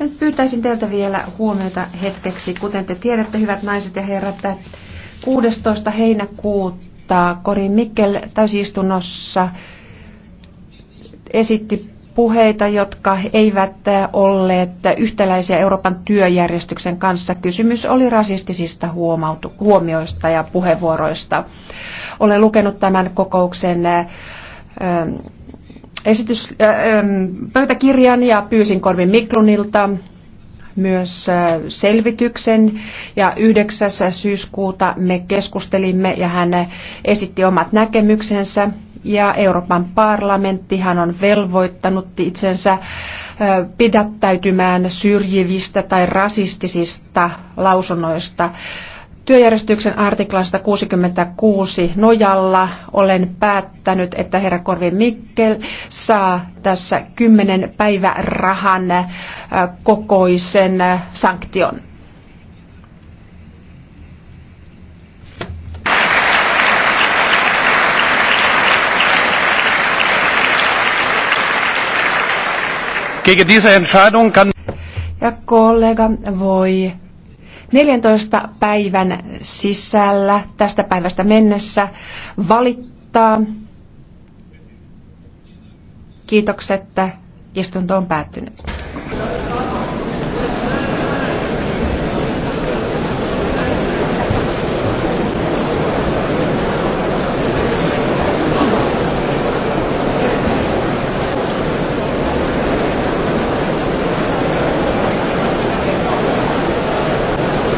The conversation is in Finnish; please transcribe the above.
Ja nyt pyytäisin teiltä vielä huomiota hetkeksi. Kuten te tiedätte, hyvät naiset ja herrat, että 16. heinäkuuta Korin Mikkel täysistunnossa esitti puheita, jotka eivät olleet yhtäläisiä Euroopan työjärjestyksen kanssa. Kysymys oli rasistisista huomioista ja puheenvuoroista. Olen lukenut tämän kokouksen ähm, esitys, äh, ähm, pöytäkirjan ja pyysin Korvin Miklunilta myös äh, selvityksen ja 9. syyskuuta me keskustelimme ja hän esitti omat näkemyksensä ja Euroopan parlamenttihan on velvoittanut itsensä äh, pidättäytymään syrjivistä tai rasistisista lausunnoista Työjärjestyksen artiklasta 66 nojalla olen päättänyt, että herra Korvi Mikkel saa tässä 10 päivärahan äh, kokoisen äh, sanktion. Gegen diese Entscheidung kann ja kollega voi 14 päivän sisällä tästä päivästä mennessä valittaa. Kiitokset, että istunto on päättynyt.